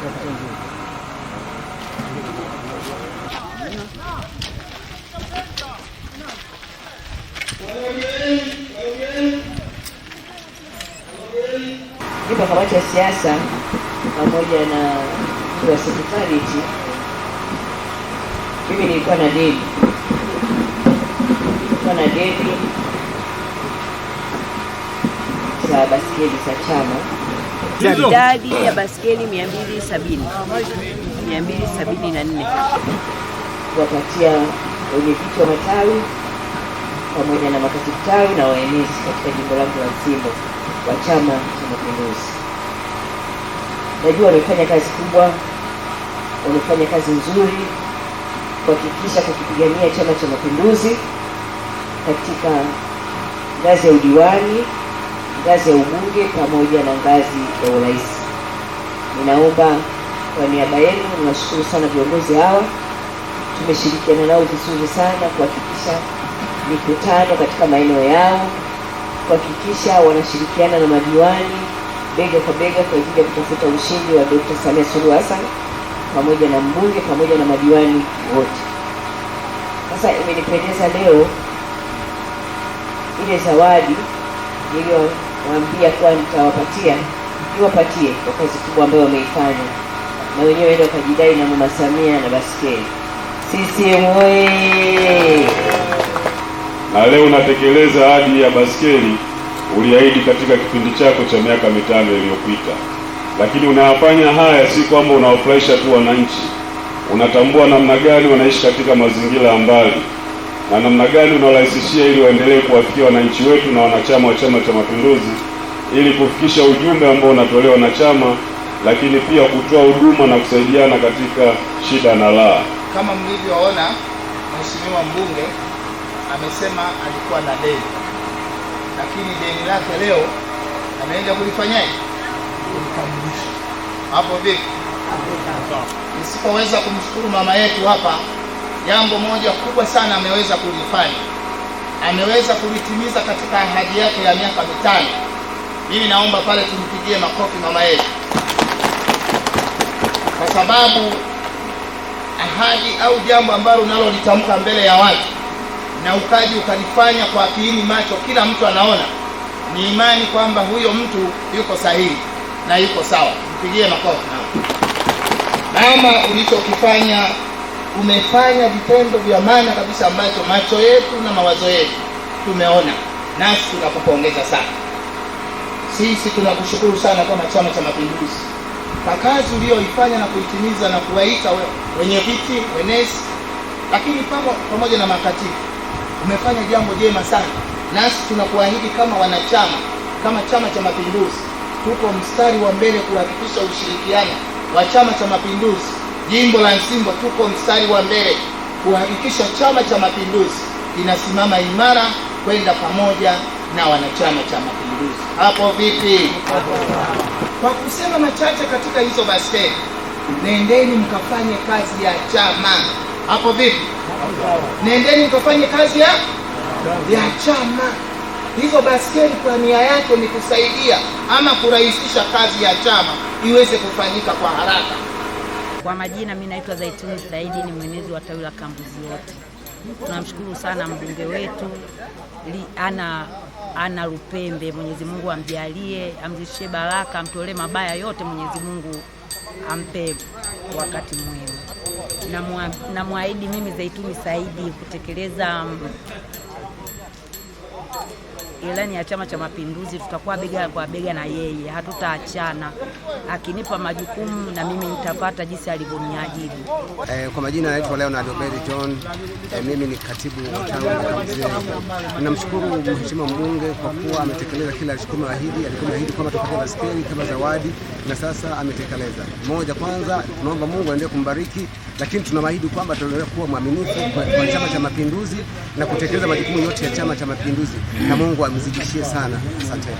Ipo kamati ya siasa pamoja na mtu wa sekretarieti. Mimi nilikuwa na deni, nilikuwa na deni za baskeli za chama idadi ya baskeli 270 274 kuwapatia wenyeviti wa matawi pamoja na makatibu tawi na waenezi katika jimbo langu la Msimbo wa Chama cha Mapinduzi. Najua wamefanya kazi kubwa, wamefanya kazi nzuri kuhakikisha kukipigania Chama cha Mapinduzi katika ngazi ya udiwani ngazi ya ubunge pamoja na ngazi ya urais. Ninaomba kwa niaba yenu, niwashukuru sana viongozi hawa. Tumeshirikiana nao vizuri sana kuhakikisha mikutano katika maeneo yao, kuhakikisha wanashirikiana na madiwani bega kwa bega kwa ajili ya kutafuta ushindi wa Dr. Samia Suluhu Hassan pamoja na mbunge pamoja na madiwani wote. Sasa imenipendeza leo ile zawadi niliyowaambia kuwa nitawapatia, niwapatie kwa kazi kubwa ambayo wameifanya, na wenyewe ndio wakajidai na mama Samia na baskeli. CCM oyee! Na leo unatekeleza ahadi ya baskeli uliahidi katika kipindi chako cha miaka mitano iliyopita, lakini unayafanya haya si kwamba unawafurahisha tu wananchi, unatambua namna gani wanaishi katika mazingira ambayo na namna gani unarahisishia ili waendelee kuwafikia wananchi wetu na wanachama wa Chama cha Mapinduzi ili kufikisha ujumbe ambao unatolewa na chama, lakini pia kutoa huduma na kusaidiana katika shida na raha. Kama mlivyoona, mheshimiwa mbunge amesema alikuwa na deni, lakini deni lake leo ameenda kulifanyaje? Kulikamilisha. Hapo vipi? Nisipoweza kumshukuru mama yetu hapa jambo moja kubwa sana ameweza kulifanya, ameweza kulitimiza katika ahadi yake ya miaka mitano. Mimi naomba pale tumpigie makofi mama yetu, kwa sababu ahadi au jambo ambalo unalolitamka mbele ya watu na ukaji ukalifanya kwa kiini macho, kila mtu anaona, ni imani kwamba huyo mtu yuko sahihi na yuko sawa. Mpigie makofi mama. Mama, ulichokifanya umefanya vitendo vya maana kabisa ambacho macho yetu na mawazo yetu tumeona, nasi tunakupongeza sana. Sisi tunakushukuru sana kama Chama cha Mapinduzi kwa kazi uliyoifanya na kuitimiza na kuwaita wenye viti wenezi lakini pamoja na makatibu. Umefanya jambo jema sana, nasi tunakuahidi kama wanachama, kama Chama cha Mapinduzi tuko mstari wa mbele kuhakikisha ushirikiano wa Chama cha Mapinduzi Jimbo la Nsimbo tuko mstari wa mbele kuhakikisha Chama cha Mapinduzi inasimama imara kwenda pamoja na wanachama cha Mapinduzi. Hapo vipi? Kwa kusema machache katika hizo bastei, nendeni mkafanye kazi ya chama. Hapo vipi? Nendeni mkafanye kazi ya ya chama. Hizo baskeli kwa nia yake ni kusaidia ama kurahisisha kazi ya chama iweze kufanyika kwa haraka. Kwa majina mimi naitwa Zaituni Saidi, ni mwenezi wa tawi la Kambuzi Wote. Tunamshukuru sana mbunge wetu li, ana ana Lupembe, Mwenyezi Mungu amjalie, amzishie baraka, amtolee mabaya yote, Mwenyezi Mungu ampe wakati mwema. Namwahidi mimi Zaituni Saidi kutekeleza ilani ya Chama cha Mapinduzi, tutakuwa bega kwa bega na yeye, hatutaachana. Akinipa majukumu na mimi nitapata jinsi alivyoniajiri. Eh, kwa majina naitwa Leonard Obedi John. Eh, mimi ni katibu wa chama cha mapinduzi. Namshukuru mheshimiwa mbunge kwa kuwa ametekeleza kila alichoahidi. Alikuahidi kwamba tutakuwa baskeli kama zawadi na sasa ametekeleza. Moja, kwanza tunaomba Mungu aendelee kumbariki, lakini tunamahidi kwamba tutaendelea kuwa mwaminifu kwa Chama cha Mapinduzi na kutekeleza majukumu yote ya Chama cha Mapinduzi na Mungu mzidishie sana. Asante.